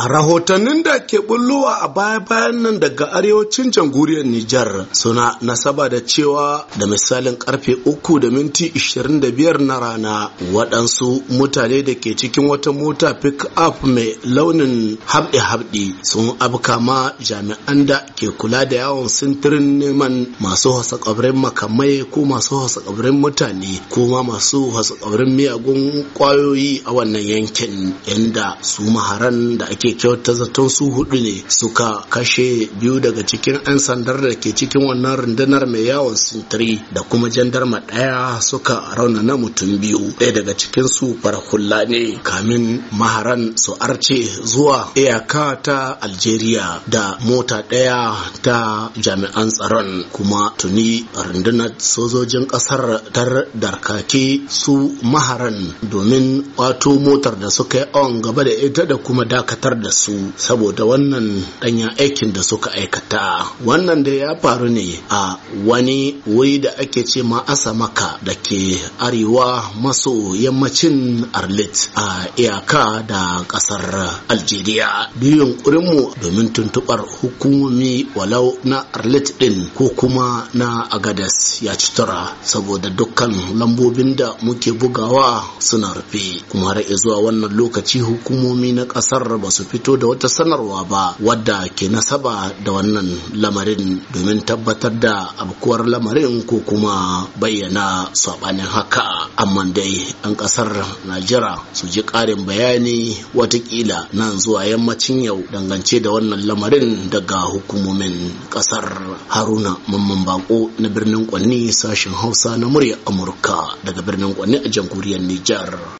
A rahotannin da ke bullowa a baya-bayan nan daga arewacin jamhuriyar Nijar suna nasaba da cewa da misalin karfe uku da minti 25 na rana waɗansu mutane da ke cikin wata mota pick-up mai launin habɗe-habɗe sun abka ma jami'an da ke kula da yawon sintirin neman masu kabarin makamai ko masu kabarin mutane ko ma masu kabarin miyagun kwayoyi a wannan yankin inda su maharan da ake ke kyauta zaton su hudu ne suka kashe biyu daga cikin 'yan sandar da ke cikin wannan rundunar mai yawon sintiri da kuma jandarma ɗaya suka raunana mutum biyu ɗaya daga cikin su farahulla ne kamin maharan su arce zuwa iyaka ta algeria da mota ɗaya ta jami'an tsaron kuma tuni rundunar sojojin ƙasar tar darkake su maharan domin wato motar da suka yi awon gaba da ita da kuma dakatar da su saboda wannan danya aikin da suka aikata wannan da ya faru ne a wani wuri da ake ce ma asamaka da ke arewa maso yammacin arlit a iyaka da kasar algeria biyun mu domin tuntubar hukumomi walau na arlit din ko kuma na agadas ya ci tura, saboda dukkan lambobin da muke bugawa suna rufe kuma har zuwa wannan lokaci hukumomi na kasar ba su fito da wata sanarwa ba wadda ke nasaba da wannan lamarin domin tabbatar da abkuwar lamarin ko kuma bayyana saɓanin haka amma dai an ƙasar najira su ji ƙarin bayani watakila nan zuwa yammacin yau dangance da wannan lamarin daga hukumomin ƙasar haruna mamman bako na birnin kwanni sashen hausa na murya amurka daga birnin kwanni a jamhuriyar nijar